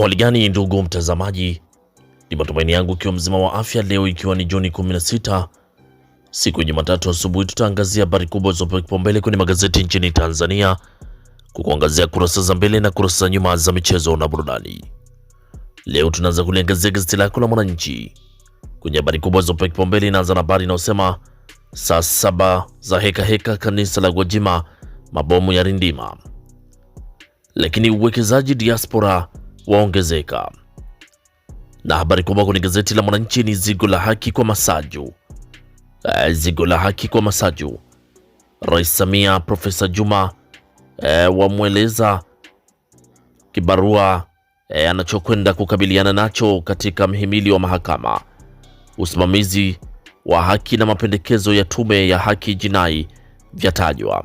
Hali gani ndugu mtazamaji, ni matumaini yangu ikiwa mzima wa afya. Leo ikiwa ni Juni 16 siku ya Jumatatu asubuhi, tutaangazia habari kubwa zilizopewa kipaumbele kwenye magazeti nchini Tanzania, kukuangazia kurasa za mbele na kurasa za nyuma za michezo na burudani. Leo tunaanza kuliangazia gazeti lako la Mwananchi kwenye habari kubwa zilizopewa kipaumbele. Inaanza na habari inayosema saa saba za heka heka, kanisa la Gwajima mabomu ya rindima, lakini uwekezaji diaspora waongezeka. Na habari kubwa kwenye gazeti la Mwananchi ni zigo la haki kwa Masaju. E, zigo la haki kwa Masaju. Rais Samia, Profesa Juma e, wamweleza kibarua e, anachokwenda kukabiliana nacho katika mhimili wa mahakama, usimamizi wa haki na mapendekezo ya tume ya haki jinai vyatajwa.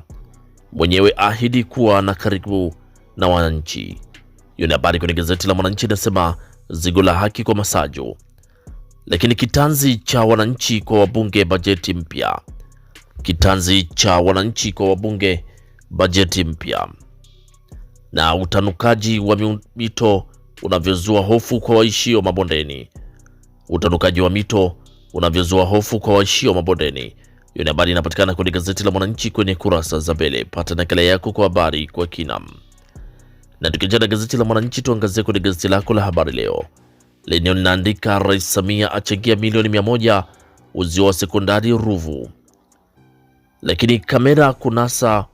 Mwenyewe ahidi kuwa na karibu na wananchi. Hiyo ni habari kwenye gazeti la Mwananchi inasema zigo la haki kwa Masaju, lakini kitanzi cha wananchi kwa wabunge bajeti mpya. Kitanzi cha wananchi kwa wabunge bajeti mpya na utanukaji wa mito unavyozua hofu kwa waishio mabondeni. Utanukaji wa mito unavyozua hofu kwa waishio mabondeni. Hiyo ni habari inapatikana kwenye gazeti la Mwananchi kwenye kurasa za mbele. Pata nakala yako kwa habari kwa kinam na tukija na gazeti la Mwananchi, tuangazie kwenye gazeti lako la habari leo lenyewe linaandika Rais Samia achangia milioni mia moja uzio wa sekondari Ruvu, lakini kamera kunasa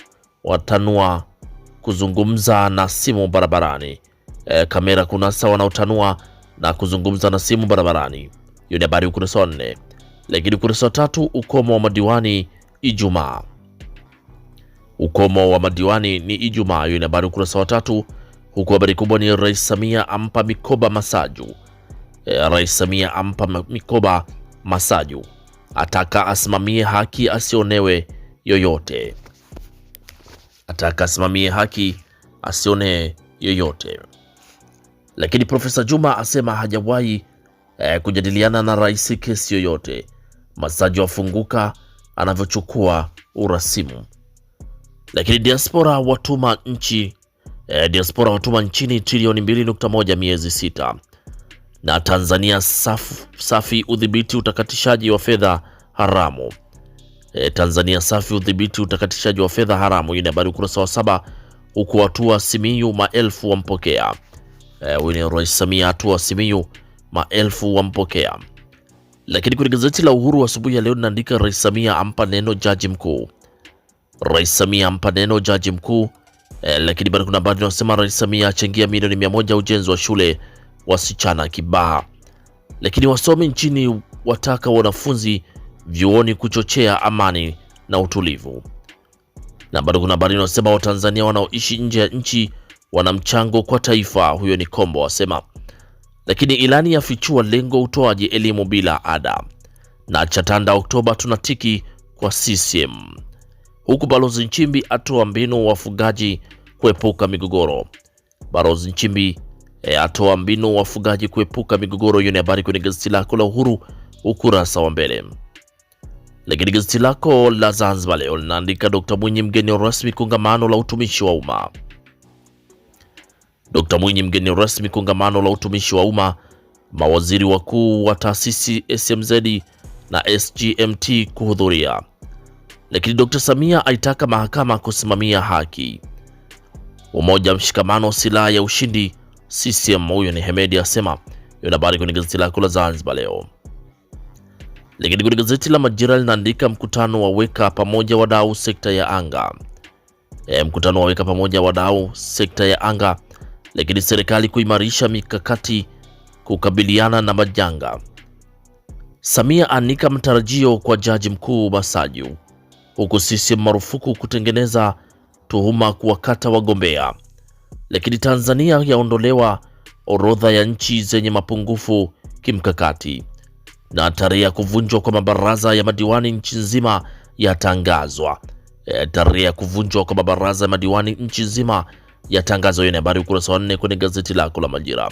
watanua kuzungumza na simu barabarani. E, kamera kunasa wanaotanua na kuzungumza na simu barabarani. Hiyo ni habari ukurasa wa nne, lakini ukurasa wa tatu ukomo wa madiwani Ijumaa Ukomo wa madiwani ni Ijumaa. Hiyo ni habari ukurasa wa tatu, huku habari kubwa ni Rais Samia ampa mikoba Masaju. E, Rais Samia ampa mikoba Masaju, ataka asimamie haki asionewe yoyote, ataka asimamie haki asione yoyote. Lakini Profesa Juma asema hajawahi e, kujadiliana na rais kesi yoyote. Masaju afunguka anavyochukua urasimu lakini diaspora watuma nchi e, diaspora watuma nchini trilioni 2.1 miezi sita. Na Tanzania saf, safi udhibiti utakatishaji wa fedha haramu. E, Tanzania safi udhibiti utakatishaji wa fedha haramu. Hii ni habari ukurasa wa saba, huku hatua Simiyu maelfu wampokea. Eh, huyu ni Rais Samia, hatua Simiyu maelfu wampokea. Lakini kwenye gazeti la Uhuru asubuhi ya leo linaandika Rais Samia ampa neno jaji mkuu Rais Samia ampa neno jaji mkuu eh, lakini bado kuna habari inasema Rais Samia achangia milioni mia moja ujenzi wa shule wasichana Kibaha. Lakini wasomi nchini wataka wanafunzi vyuoni kuchochea amani na utulivu. Na bado kuna habari inasema Watanzania wanaoishi nje ya nchi wana mchango kwa taifa, huyo ni Kombo wasema. Lakini ilani yafichua lengo utoaji elimu bila ada. Na Chatanda Oktoba tunatiki kwa CCM huku Balozi Nchimbi atoa mbinu wafugaji kuepuka migogoro. Balozi Nchimbi e, atoa mbinu wafugaji kuepuka migogoro. Hiyo ni habari kwenye gazeti lako la Uhuru ukurasa wa mbele. Lakini gazeti lako la Zanzibar leo linaandika Dr. Mwinyi mgeni rasmi kongamano la utumishi wa umma. Dr. Mwinyi mgeni rasmi kongamano la utumishi wa umma. Mawaziri wakuu wa taasisi SMZ na SGMT kuhudhuria lakini Dr. Samia aitaka mahakama kusimamia haki. Umoja mshikamano silaha ya ushindi CCM, huyo ni Hemedi asema. Hiyo ni habari kwenye gazeti lako la Zanzibar Leo. Lakini kwenye gazeti la Majira linaandika mkutano weka pamoja wadau sekta ya anga. E, mkutano weka pamoja wadau sekta ya anga. Lakini serikali kuimarisha mikakati kukabiliana na majanga. Samia anika matarajio kwa jaji mkuu Basaju huku sisi marufuku kutengeneza tuhuma kuwakata wagombea. Lakini Tanzania yaondolewa orodha ya nchi zenye mapungufu kimkakati, na tarehe ya kuvunjwa kwa mabaraza ya madiwani nchi nzima yatangazwa. E, tarehe ya kuvunjwa kwa mabaraza ya madiwani nchi nzima yatangazwa. Hiyo ni habari ukurasa wa nne kwenye gazeti lako la Majira.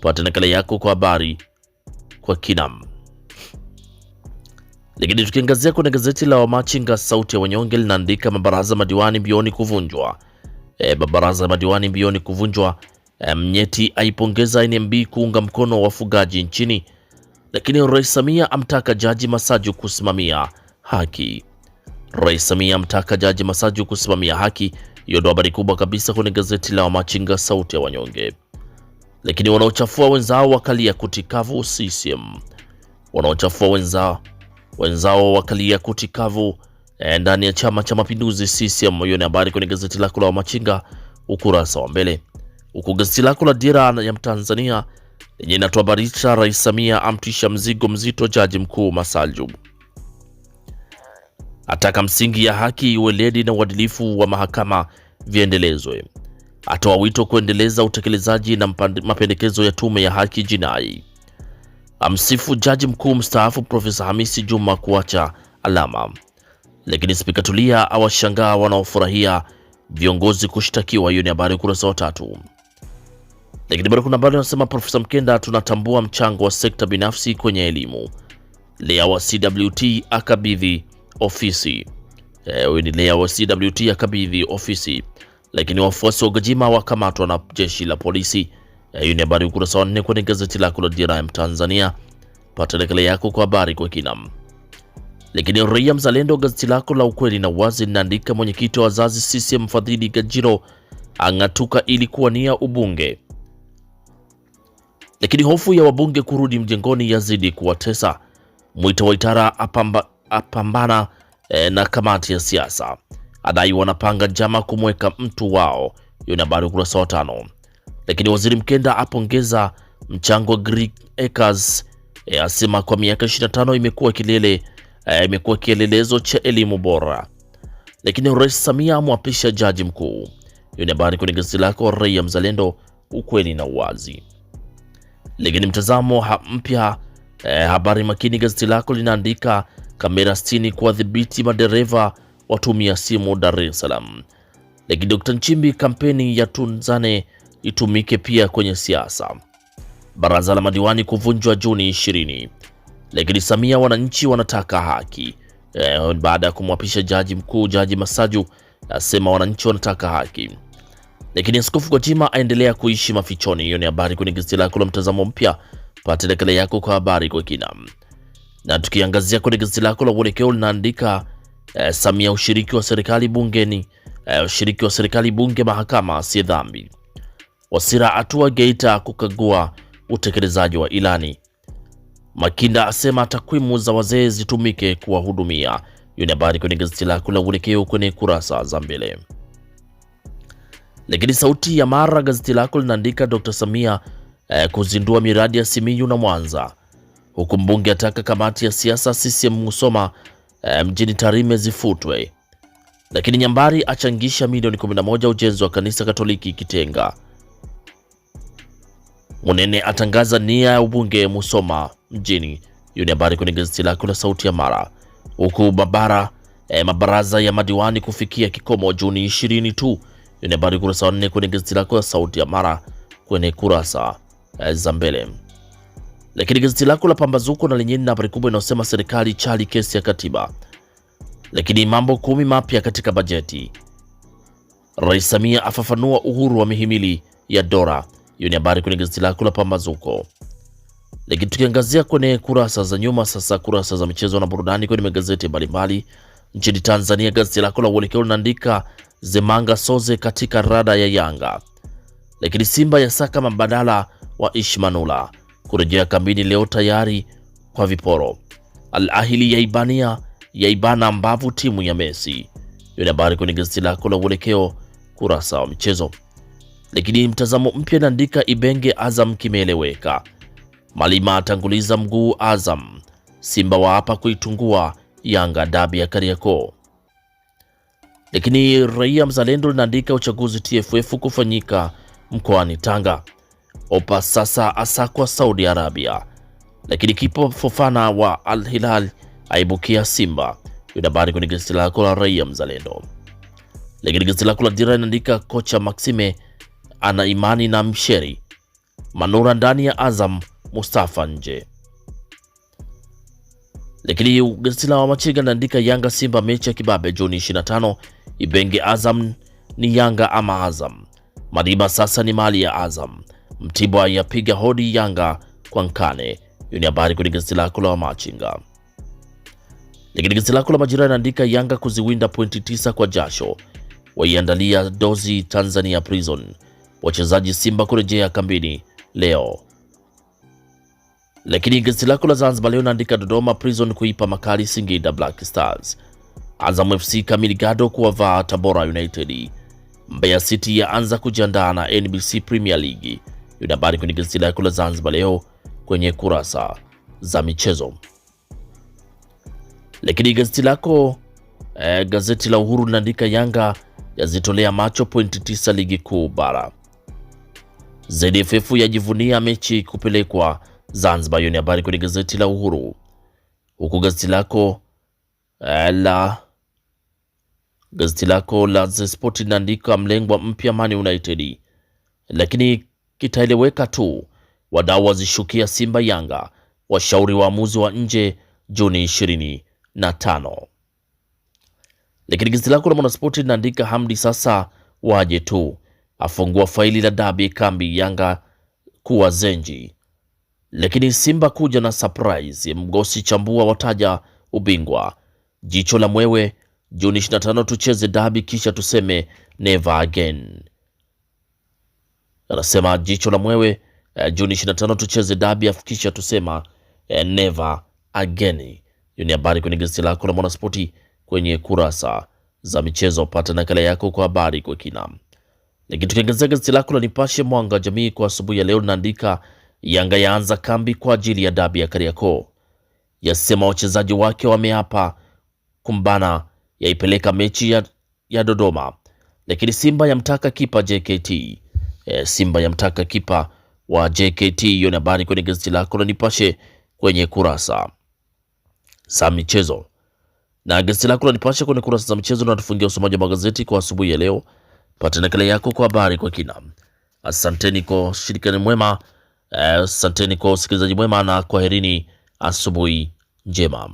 Pata nakala yako kwa habari kwa kinam lakini tukiangazia kwenye gazeti la Wamachinga sauti ya wanyonge linaandika mabaraza madiwani mbioni kuvunjwa. E, mabaraza madiwani mbioni kuvunjwa. E, Mnyeti aipongeza NMB kuunga mkono wafugaji nchini. Lakini Rais Samia amtaka Jaji Masaju kusimamia haki. Rais Samia amtaka Jaji Masaju kusimamia haki. Hiyo ndo habari kubwa kabisa kwenye gazeti la Wamachinga sauti ya wanyonge. Lakini wanaochafua wenzao wakalia kutikavu CCM. Wanaochafua wenzao wenzao wakalia kuti kavu e, ndani ya chama cha mapinduzi CCM. Hiyo ni habari kwenye gazeti lako la Wamachinga ukurasa wa mbele, huku gazeti lako la Dira ya Mtanzania lenye inatuhabarisha Rais Samia amtisha mzigo mzito jaji mkuu Masaljub, ataka msingi ya haki, weledi na uadilifu wa mahakama viendelezwe, atoa wito kuendeleza utekelezaji na mapendekezo ya tume ya haki jinai amsifu jaji mkuu mstaafu Profesa Hamisi Juma kuacha alama. Lakini Spika Tulia awashangaa wanaofurahia viongozi kushtakiwa. Hiyo ni habari ukurasa wa tatu. Lakini bado kuna habari anasema Profesa Mkenda, tunatambua mchango wa sekta binafsi kwenye elimu. Lea wa CWT akabidhi ofisi. Eh, huyu e, ni lea wa CWT akabidhi ofisi. Lakini wafuasi wa Gwajima wakamatwa na jeshi la polisi. Hiyo ni habari ukurasa wa nne kwenye gazeti lako la Dira Tanzania. Pata nakala yako kwa habari kwa kina. Lakini Raia Mzalendo, gazeti lako la ukweli na wazi, linaandika mwenyekiti wa wazazi CCM Fadhili Gajiro ang'atuka ili kuwania ubunge. Lakini hofu ya wabunge kurudi mjengoni yazidi kuwatesa. wa Itara apamba, apambana e, na kamati ya siasa, adai wanapanga njama kumweka mtu wao. Hiyo ni habari ukurasa wa tano. Lakini waziri Mkenda apongeza mchango wa Greek Acres, e, asema kwa miaka 25 imekuwa kilele e, imekuwa kielelezo cha elimu bora. Lakini Rais Samia amwapisha jaji mkuu. Hiyo ni habari kwenye gazeti lako Raia Mzalendo, ukweli na uwazi. Lakini mtazamo ha mpya e, habari makini, gazeti lako linaandika kamera 60 kuwadhibiti madereva watumia simu Dar es Salaam. Lakini Dr. Nchimbi, kampeni ya tunzane itumike pia kwenye siasa. Baraza la madiwani kuvunjwa Juni 20. Lakini Samia, wananchi wanataka haki. eh, baada ya kumwapisha jaji mkuu, Jaji Masaju asema wananchi wanataka haki. Lakini Askofu Gwajima aendelea kuishi mafichoni. Hiyo ni habari kwenye gazeti lako la Mtazamo Mpya, pata nakala yako kwa habari kwa kina. Na tukiangazia kwenye gazeti lako la Uelekeo linaandika eh, Samia, ushiriki wa serikali bungeni eh, ushiriki wa serikali bunge mahakama si dhambi Wasira atua Geita kukagua utekelezaji wa ilani. Makinda asema takwimu za wazee zitumike kuwahudumia. Hiyo ni habari kwenye gazeti lako la Uelekeo kwenye kurasa za mbele. Lakini Sauti ya Mara, gazeti lako linaandika Dr. Samia eh, kuzindua miradi ya Simiyu na Mwanza, huku mbunge ataka kamati ya siasa CCM Musoma eh, mjini Tarime zifutwe. Lakini Nyambari achangisha milioni 11 ujenzi wa kanisa Katoliki Kitenga. Munene atangaza nia ya ubunge Musoma mjini. Hiyo ni habari kwenye gazeti lako la Sauti ya Mara, huku mabara e, mabaraza ya madiwani kufikia kikomo Juni ishirini tu. Hiyo ni habari kurasa nne kwenye gazeti lako la Sauti ya Mara kwenye kurasa e, za mbele. Lakini gazeti lako la Pambazuko na lenyewe na habari kubwa inayosema serikali chali kesi ya katiba, lakini mambo kumi mapya katika bajeti. Rais Samia afafanua uhuru wa mihimili ya dola hiyo ni habari kwenye gazeti lako la Pambazuko. Lakini tukiangazia kwenye kurasa za nyuma sasa, kurasa za michezo na burudani kwenye magazeti mbalimbali nchini Tanzania, gazeti lako la Uelekeo linaandika Zemanga Soze katika rada ya Yanga, lakini Simba ya saka mabadala wa Ishmanula kurejea kambini leo tayari kwa viporo. Al Ahili ya Ibania ya ibana mbavu timu ya Messi. Hiyo ni habari kwenye gazeti lako la Uelekeo kurasa wa michezo lakini mtazamo mpya inaandika Ibenge Azam kimeeleweka. Malima atanguliza mguu Azam. Simba waapa kuitungua Yanga dabi ya Kariakoo. Lakini Raia Mzalendo linaandika uchaguzi TFF kufanyika mkoani Tanga. Opa sasa asakwa Saudi Arabia. Lakini kipo Fofana wa Al Hilal aibukia Simba. Hiyo habari kwenye gazeti lako la Raia Mzalendo. Lakini gazeti lako la Dira linaandika kocha Maxime ana imani na Msheri. Manura ndani ya Azam, Mustafa nje. Lakini gazeti la Wamachinga linaandika Yanga Simba mechi ya kibabe Juni 25, Ibenge Azam ni Yanga ama Azam. Madiba sasa ni mali ya Azam. Mtibwa yapiga hodi Yanga kwa Nkane. Hiyo ni habari kwenye gazeti lako la Wamachinga. Lakini gazeti lako la Majira linaandika Yanga kuziwinda pointi 9 kwa jasho, waiandalia dozi Tanzania Prison wachezaji Simba kurejea kambini leo. Lakini gazeti lako la Zanzibar leo inaandika Dodoma Prison kuipa makali Singida Black Stars, Azam FC kamili gado kuwavaa Tabora United, Mbeya City yaanza kujiandaa na NBC Premier League. Hiyo habari kwenye gazeti lako la Zanzibar leo kwenye kurasa za michezo. Lakini gazeti lako eh, gazeti la Uhuru linaandika Yanga yazitolea macho pointi 9 ligi kuu bara ZFF yajivunia mechi kupelekwa Zanzibar. Hiyo ni habari kwenye gazeti la Uhuru, huku gazeti lako eh, la gazeti lako la The Sport linaandika mlengwa mpya Man United, lakini kitaeleweka tu. Wadau wazishukia Simba Yanga, washauri waamuzi wa nje Juni 25 Lakini gazeti lako la Mwanaspoti linaandika Hamdi sasa waje tu afungua faili la dabi kambi Yanga kuwa zenji, lakini Simba kuja na surprise. Mgosi chambua wataja ubingwa. Jicho la mwewe Juni 25 tucheze dabi kisha tuseme never again. Anasema jicho la mwewe eh, Juni 25 tucheze dabi afu kisha tusema eh, never again. Hiyo ni habari kwenye gazeti lako la Mwanaspoti kwenye kurasa za michezo. Pata nakala yako kwa habari kwa kina. Nikitukiangazia gazeti lako la Nipashe Mwanga Jamii kwa asubuhi ya leo linaandika Yanga yaanza kambi kwa ajili ya dabi ya Kariakoo, yasema wachezaji wake wameapa kumbana, yaipeleka mechi ya, ya Dodoma. Lakini Simba yamtaka kipa JKT e, Simba yamtaka kipa wa JKT. Hiyo ni habari kwenye gazeti lako la Nipashe kwenye kurasa za michezo, na gazeti lako la Nipashe kwenye kurasa za michezo linatufungia usomaji wa magazeti kwa asubuhi ya leo pata nakala yako kwa habari kwa kina. Asanteni kwa ushirikiano mwema, eh, asanteni kwa usikilizaji mwema na kwaherini, asubuhi njema.